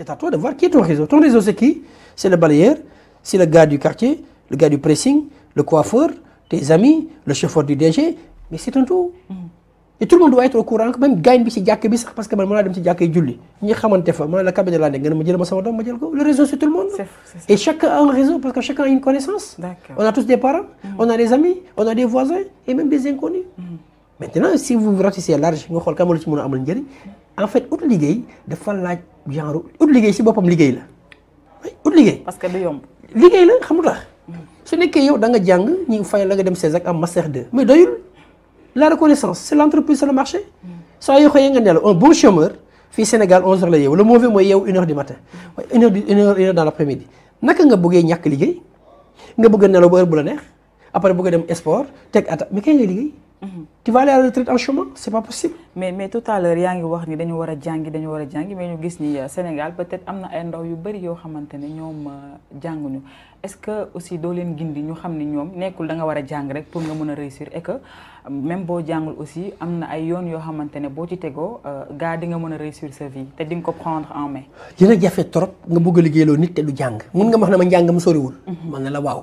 C'est à toi de voir qui est ton réseau. Ton réseau, c'est qui C'est le balayeur, c'est le gars du quartier, le gars du pressing, le coiffeur, tes amis, le chauffeur du DG, mais c'est ton tour. Et tout le monde doit être au courant même gagne bi ci jakk parce que man a dem ci jakk julli la la le réseau c'est tout le monde et chacun a un réseau parce que chacun a une connaissance on a tous des parents mm. on a des amis on a des voisins et même des inconnus mm. maintenant si vous ratissez large nga xol kam ci mëna en fait ut liggéey dafa laaj genre out liguey ci bopam liguey la out liguey parce que du yomb. liguey la xamul ce su que yow da nga jang ñu fay la nga dem CESAC am master 2 mais doyul la reconnaissance c'est l'entreprise sur le marché. so yoo xëyee nga nel un bon chômeur fi Sénégal 11h la yow le mauvais moy yow 1h du matin 1h 1h dans laprès midi naka nga bëggee ñak liguey nga bëgg nelo nelaw heure bu la neex. après bëgg dem sport teg ata mais kañ lay liggéey. Mhm. tu vas aller à en chemin c'est pas possible. mais mais tout yaa ngi wax ni dañu war a jàngi dañu war a jàngi mais ñu gis ni euh, Sénégal peut-être am na ay ndaw yu bari yoo xamante ne ñoom euh, jànguñu est-ce que aussi doo leen gindi ñu xam ne ñoom nekkul da nga war a jàng rek pour nga mën a réussir et que même boo jàngul aussi am na ay yoon yoo xamante ne boo ci tegoo euh, gaa di nga mën a réussir sa vie te di nga ko prendre en main. dina jafe trop nga bëgg a nit du jàng. mun nga wax ne ma njàngam soriwul. Mhm. man ne la waaw.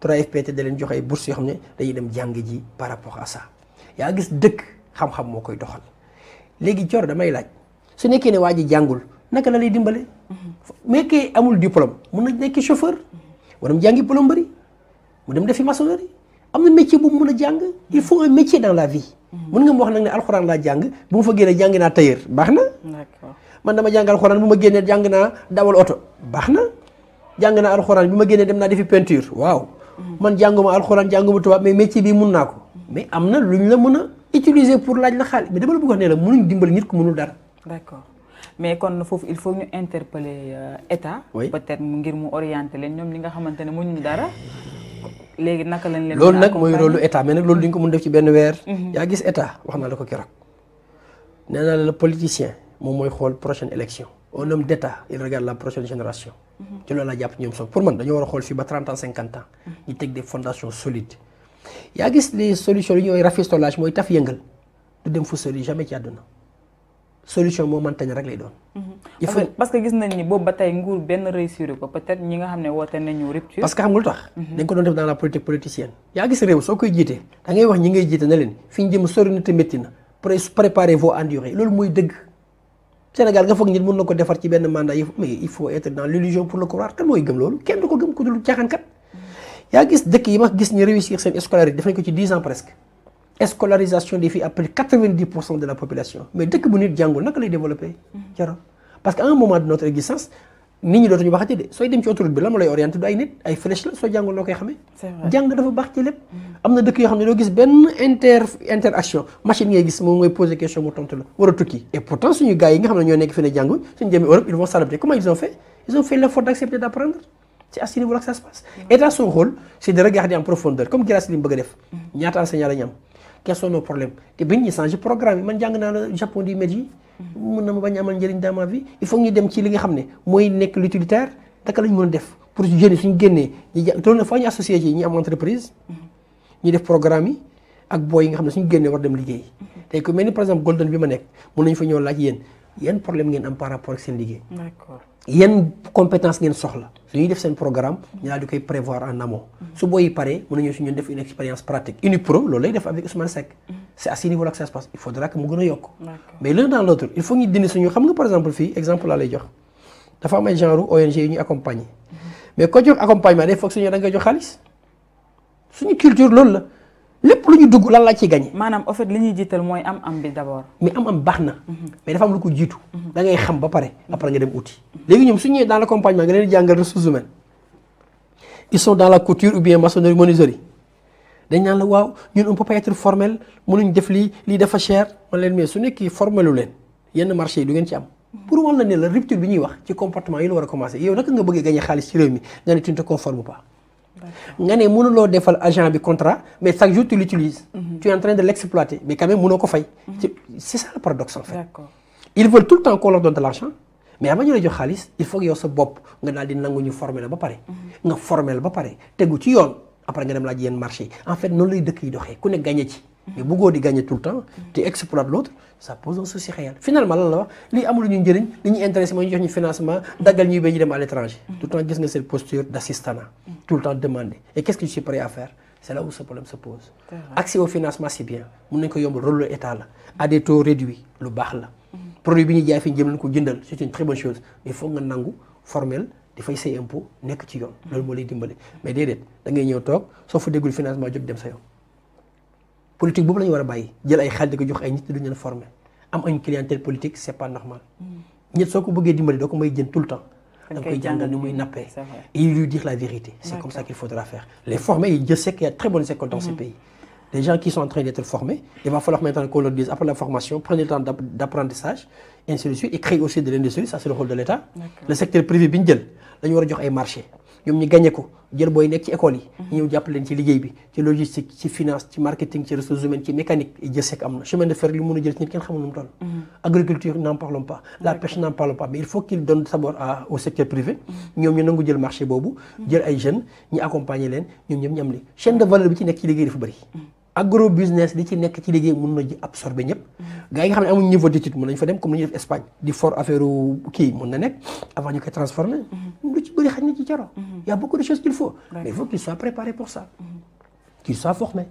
3FPT da leen joxe ay bourses yoo xam ne dañuy dem jàng ji par rapport à ça yaa gis dëkk xam-xam moo koy doxal léegi jor damay laaj su nekkee ne waa ji jàngul naka la lay dimbale. Mm-hmm. mais kay amul diplôme mun na nekk chauffeur. Mm-hmm. wala mu jàngi plomberie dem defi maçonnerie am na métier bu mu mun a jàng il faut un métier dans la vie. Mm-hmm. mun nga mu wax nag ne alxuraan laa jàng bu ma fa génnee jàng naa tailleur baax na. man dama jàng alxuraan bu ma génnee jàng naa dawal oto baax na jàng naa alxuraan bi ma génnee dem naa defi peinture waaw. man jànguma alxuraan jànguma tubaab mais métier bi mun naa ko mais am na luñ la mën a utiliser pour laaj la xaalis mais dama la bëgg wax ne la mënuñ dimbali nit ku mënul dara. mais kon foofu il faut ñu interpeller euh, état. peut-être ngir mu orienter leen ñoom ñi nga xamante ne mënuñ dara. léegi naka lañ leen loolu nag mooy loolu état mais nag loolu duñ ko mun def ci benn weer. Mhm. yaa gis état wax na la ko keroog. nee naa la politicien moom mooy xool prochaine élection. un homme d'État il regarde la prochaine génération. Mhm. ci loolu laa nous a des pour man Il y a ba ans 50 ans. Mhm. ñu a des fondations solides. gis les solutions les rafistolage taf du dem jamais ci Parce solution moo mëntañ rek lay doon. Mhm. parce que gis nañ ni avez une nguur benn réussir peut être ñi nga rupture. parce que xam nga avez dans la politique politicienne. gis avez une koy Vous avez une wax ñi ngay une na leen fi ñu pré préparez vos endurer avez une Sénégal nga faut que mën na ko defar ci benn mandat mais il faut être dans l'illusion pour le croire te mooy gëm loolu kenn du ko gëm ku qui est yaa gis dëkk yi ma gis ñu réussir seen scolarité def nañ ko ci 10 ans presque scolarisation des filles à 90 de la population mais dëkk bu nit jàngul naka lay développer, car mm-hmm. parce qu'à un moment de notre existence nit ñi dootuñu waxati de sooy dem ci autoroute bi lan lay orienté du ay nit ay flèche la soo jàngul loo koy xamee. jàng dafa baax ci lépp. Mm. am na dëkk yoo xam ne doo gis benn inter interaction machine ngay gis moom mooy poser question mu tontu la war a tukki. et pourtant suñu gars yi nga xam ne ñoo nekk fi ne jànguñ suñu jëmee Europe ils vont d'accepter d'apprendre c'est à ce niveau-là que ça se passe. état son rôle c'est de en profondeur comme Guirassy a def. Mm. ñaata enseignant la ñu mën na ma bañ amal njëriñ dans vie il faut ñu dem ci li nga xam ne mooy nekk l'utilitaire naka lañ mën a def pour jeunes yi suñu génnee ñu ja loolu nag faa ñu associé ci ñu def programme yi ak booy yi nga xam ne suñu génnee war dem liggéey tey ku mel ni par exemple golden bi ma nekk mën nañu fa ñëw laaj yéen yan problème ngeen am par rapport ak seen liggéey yan ñu daal di koy prévoir en amont su booyi paree mën nañu suñu def une expérience pratique UNIPRO loolu lay def avec Ousmane Seck c'est à ce niveau-là que ça se passe il faudra que mu gën a mais l'un dans l'autre il faut que dindi suñu xam nga par exemple fille, exemple laa lay jox dafa est genre ONG yu ñuy accompagner mhm. mais ko jox accompagnement day foog suñu da nga jox xaalis suñu culture loolu la lépp lu ñu dugg lan laa ciy gagné. maanaam en fait li ñuy jiital am-am bi d'abord. mais am-am baax mhm. mais dafa am lu ko tout. Mhm. da ngay xam ba pareil. après nga dem uti. léegi ñoom suñu dans l'accompagnement nga leen di jàngal ressources humaines ils sont dans la couture ou bien maçonnerie menuiserie dañ naan la waaw ñun on peut pas être formel mënuñ def lii lii dafa cher man leen mais su nekkee formelu leen yenn marché yi du ngeen ci am. pour wàll ne la rupture bi ñuy wax ci comportement yi la war a commencé yow naka nga bëggee gagné xaalis ci réew mi nga ne tu ne te conforme pas. nga ne mënuloo defal agent bi contrat mais chaque jour tu l'utilises. Mhm. tu es en train de l'exploiter mais quand même mënoo ko fay. Mhm. c'est ça le paradoxe en fait. ils veulent tout le temps qu'on leur donne de l'argent mais avant ñu la jox xaalis il faut que yow sa bopp nga daal di nangu ñu former la ba pare. Mhm. nga former la ba pare tegu ci yoon après nga dem a yenn marché en fait nous lay dëkk yi doxee ku gagné ci. mais di gagner tout le temps. te exploite l'autre ça pose un souci réel finalement là, la wax lii amul ñu njëriñ li ñu intéressé financement à l'étranger. Mm. tout le temps que nga cette posture d'assistance mm. tout le temps demander. et qu'est-ce que je suis prêt à faire c'est là où ce problème se pose. accès au financement c'est bien Mon nañu ko rôle de l'état à des taux réduits le bar la. Mm. produit bi ñuy jaay fi c'est une très bonne chose il faut un nangu formel di fay say impôt nekk ci yoon loolu moo lay dimbale mais déedéet da ngay ñëw toog sauf fa déggul financement jóg dem sa yoon politique boobu la ñu war a bàyyi jël ay que di ko jox ay nit duñ leen former am une clientèle politique c'est pas normal mm. nit soo ko bëggee dimbale doo ko may jën tout le temps da nga koy jàngal ni muy nappee et lui dire la vérité c'est comme ça qu'il faudra faire les former je sais qu'il y a très bonnes écoles dans ce mm-hmm. pays les gens qui sont en train d'être formés il va falloir maintenant qu'on leur dise après la formation prenez le temps d'apprentissage ainsi de suite et créer aussi de l'industrie ça c'est le rôle de l'État le secteur privé bi ñu jël dañu war jox ay marché ñoom ñu gagné ko jël boy nekk ci école yi ñu mhm. ñëw jàpp leen ci bi ci logistique ci finance ci marketing ci ressources humaines ci mécanique Et sek am chemin de fer li monde, a jël ci nit kenn xamul nu mu mhm. agriculture n'en parlons pas la pêche n'en parlons pas mais il faut qu'il donne d'abord au secteur privé mhm. ñoom ñu nangu jël marché boobu jël ay jeunes ñu accompagner leen ñoom ñëpp ñu li chaîne de valeur bi ci nekk ci liggéey dafa bëri agro business li ci nekk ci liggéey mun na ji absorber ñëpp. gars yi nga xam ne niveau d'études, mën nañ fa dem comme ni def Espagne di for affaire kii na avant ñu koy transformer. Mhm. lu ci bëri ci mhm. y a beaucoup de choses qu'il faut. mais il faut qu'il soit préparé pour ça. Mhm. Qu'ils soient formés.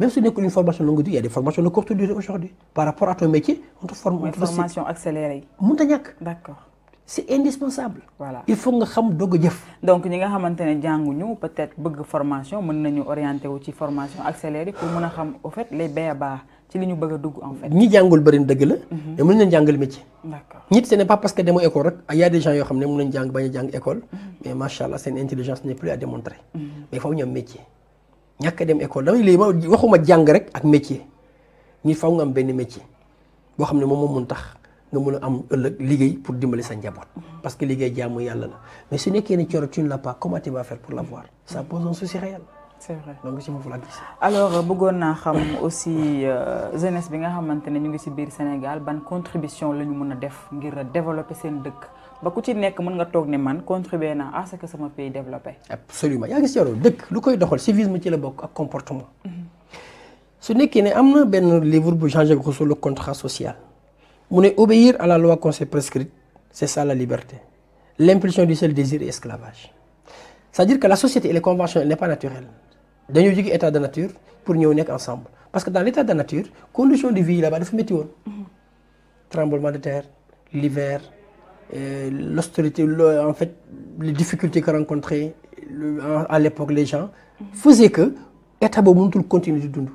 même si n'est une formation longue durée il y a des formations de courte durée aujourd'hui par rapport à ton métier on te forme. une formation accélérée. Montagnac ta d'accord. c'est indispensable. voilà il faut nga xam doog a jëf. donc ñi nga xamante ne jànguñu peut-être bëgg formation mën nañu orienté wu ci formation accélérée pour mën a xam au fait les béyabaa ci li ñu bëgg dugg en fait. ñi jàngul bëri dëgg la. Mhm. mais mën nañu jàngal métier. d'accord nit ce n'est pas parce que demoo école rek y a des gens yoo xam ne mën nañu jàng bañ a jàng école. Mhm. mais macha allah seen intelligence n'est plus à démontrer. Mhm. mais faaw ñu am métier. ñàkk dem école damay léegi waxuma jàng rek ak métier ñi faaw nga am benn métier boo xam ne moom moo tax. nga mën a am ëllëg liggéey pour dimbali sa njaboot. parce que liggéey jaamu yàlla la mais su nekkee ne coro tu ne l'as pas comment tu vas faire pour la voir. ça pose un souci réel. c'est vrai donc si foofu laa gis. alors euh, bëggoon naa xam aussi euh, jeunesse bi nga xamante ne ñu ngi ci biir Sénégal ban contribution la ñu mën a def ngir développer seen dëkk ba ku ci nekk mën nga toog ne man contribuer naa à ce que sama pays développé. absolument yaa ngi coro dëkk lu koy doxal civisme ci la bokk ak comportement. Mhm. su nekkee ne am na benn livre bu Jean-Jacques sur le contrat social mu obéir à la loi qu'on s'est prescrite c'est ça la liberté l'impulsion du seul désir est esclavage c'est-à-dire que la société et les conventions n'est pas naturelle d'un un état de nature pour nous unir ensemble parce que dans l'état de nature condition de vie là-bas dafa métti tremblement de terre l'hiver euh, l'austérité en fait les difficultés que rencontraient à l'époque les gens mm-hmm. faisaient que état de continuait de de nous.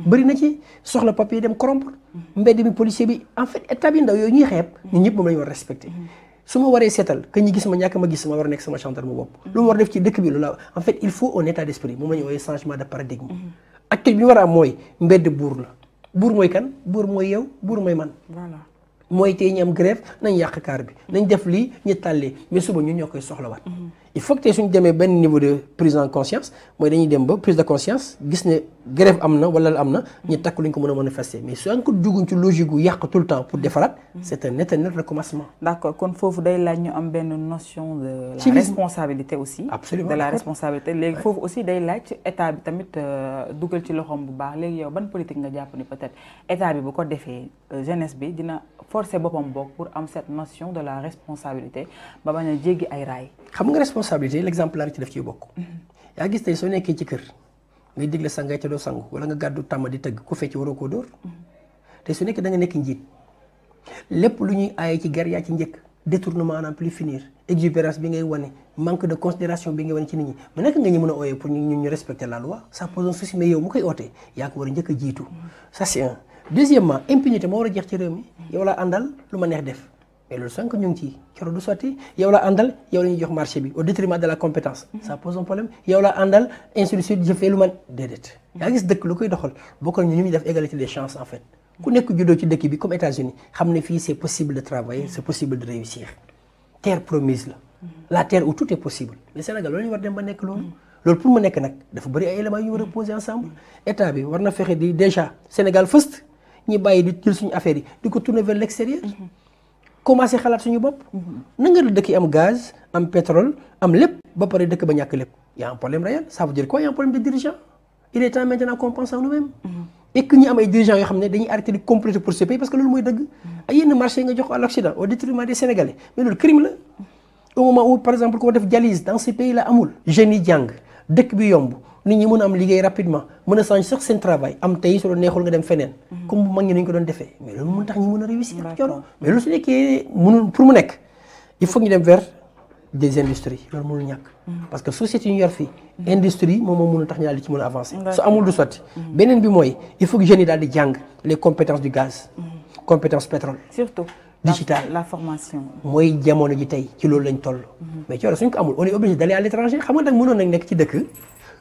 bëri na ci soxla papier dem corrompre mbedd mi policier bi en fait état bi ndaw yooyu ñuy xeeb ñun ñëpp moom la ñu a respecté su ma waree seetal que gis ma ñàkk ma gis ma war a nekk sama gendarme bopp lu ma war def ci dëkk bi loolu en fait il faut un état d' moom la changement de paradigme ak bi ñu war a am mooy mbedd buur la buur mooy kan buur mooy yow buur mooy man mooy tey ñi am grève nañ yàq kaar bi nañ def lii ñu tàllee mais suba ñun ñoo koy soxlawaat il faut que tu tey suñu un benn niveau de prise en conscience moi dañuy une ba prise de conscience gis ne grève amna, voilà wala am na ñu takk lu ñu ko mën manifester mais su ko juguñ ci logique gu yàq tout le temps pour defaraat. c'est un éternel recommencement. d'accord accord faut vous day laaj ñu am notion de. la responsabilité aussi. absolument de la responsabilité Il faut aussi day laaj ci état bi tamit euh, dugal ci les bu baax léegi yow ban politique nga jàpp ni peut-être état bi bu ko defee euh, jeunesse bi dina forcer pour am cette notion de la responsabilité ba bañ a jéggi ay xam nga responsabilité ci def ciy bokk. yaa gis tey soo nekkee ci kër ngay digle sangay te doo sangu wala nga gàddu tàmm di tëgg ku fecc waroo koo dóor. te su nekkee da nga nekk njiit lépp lu ñuy aaye ci ger yaa ci njëkk détournement en plus finir exubérance bi ngay wane manque de considération bi ngay wane ci nit ñi mais naka nga ñu mën a ooyee pour ñu ñu respecter la loi ça pose un souci mais yow mu koy ootee yaa ko war a njëkk a jiitu ça a jeex ci réew mi yow laa àndal lu ma neex def. mais loolu qui ñu ngi ci il du a yow la àndal yow la ñuy jox marché bi au détriment de la compétence. Mhm. ça pose un problème yow la andal institution je fais lu man déedéet. Mhm. yaa gis dëkk lu koy doxal bokkal ñu ñu def égalité des chances en fait. ku nekk du ci de bi comme États-Unis xam ne c'est possible de travailler mhm. c'est possible de réussir terre promise la. la terre où tout est possible. mais Sénégal loolu ñu war dem ba nekk loolu. loolu pour mu nekk nak dafa bari ay éléments yu war poser ensemble état bi war na fexé di déjà Sénégal first ñi bayyi di jël suñu affaire yi di ko tourner vers l'extérieur commencé xalaat suñu bopp. Mhm. na nga dëkk yi am gaz am pétrole am lépp ba pare dëkk ba ñàkk lépp y' problème réel ça veut dire quoi y' problème de dirigeant il est temps maintenant qu'on pense à nous-mêmes. Mhm. et que ñu am ay dirigeants yoo xam ne dañuy arrêté di comploter pour ce parce que loolu mooy dëgg. Mhm. ay yenn marché nga jox ko à l'Occident au détriment des Sénégalais mais loolu crime la au moment où par exemple koo def dialyse dans ce pays là amul. jeunes yi jàng dëkk bi yomb mën a changer sax seen travail am tay su la neexul nga dem fenen mhm. comme mag ñi ñu ko doon défé mais loolu mu tax ñu mëna réussir. coono mais loolu su nekkee mënul pour mu nekk il faut ñu dem vers des industries loolu mënul ñak mhm. parce que société ñu yor fi mhm. industrie moom mo mënul tax ñu ci mën avancer. su amul du soti benen bi moy il faut que jeunes dal di jang les compétences du gaz. compétences pétrole. surtout. digital la formation. moy jamono ji tay ci loolu lañ toll. mais ci coono suñ ko amul on est obligé d'aller à l'étranger xam nga nag mënoon nañ nekk ci dëkk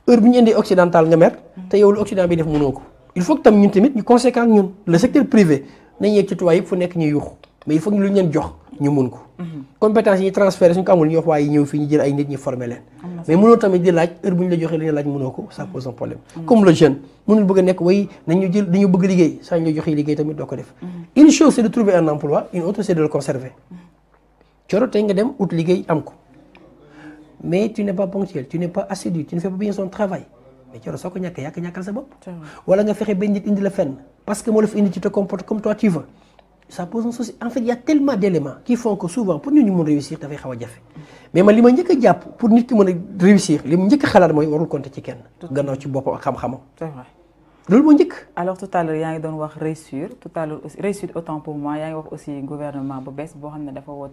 heure buñu indi occidental nga mer te yow lu occident bi def mënoo ko il faut que tam ñun tamit ñu conséquent ñun le secteur privé nañ yegg ci tuwaay yëpp fu nekk ñuy yux mais il faut que ñu lu ñu leen jox ñu mun ko compétence yi ñu transféré suñu ko amul ñu wax waaye ñëw fii ñu jël ay nit ñu formé leen mais mënoo tamit di laaj heure bu ñu la joxee li ñu laaj mënoo ko ça pose un problème comme le jeune mënul bëgg a nekk way nañu jël dañu bëgg liggéey saa ñu la joxee liggéey tamit doo ko def mm-hmm. une chose c'est de trouver un emploi une autre c'est de le conserver mm-hmm. coro tey nga dem ut liggéey am ko mais tu n'es pas ponctuel tu n'es pas assidu tu ne fais pas bien son travail mais tu soo ko ñàkkee yaa ko ñàkkal sa bopp. wala nga fexe benn nit indi la fenn parce que moi la fi indi tu te comportes comme toi tu veux. ça pose un souci en fait il y a tellement d'éléments qui font que souvent pour nous ñu réussir dafay xaw a jafe mais man li ma njëkk a pour nous réussir li ma njëkk a xalaat mooy warul compter ci kenn. gannaaw ci boppam ak xam c'est vrai alors tout à l'heure yaa ngi doon wax réussir tout à l'heure aussi réussir autant pour moi il y a eu aussi gouvernement bu bees boo xam ne dafa woote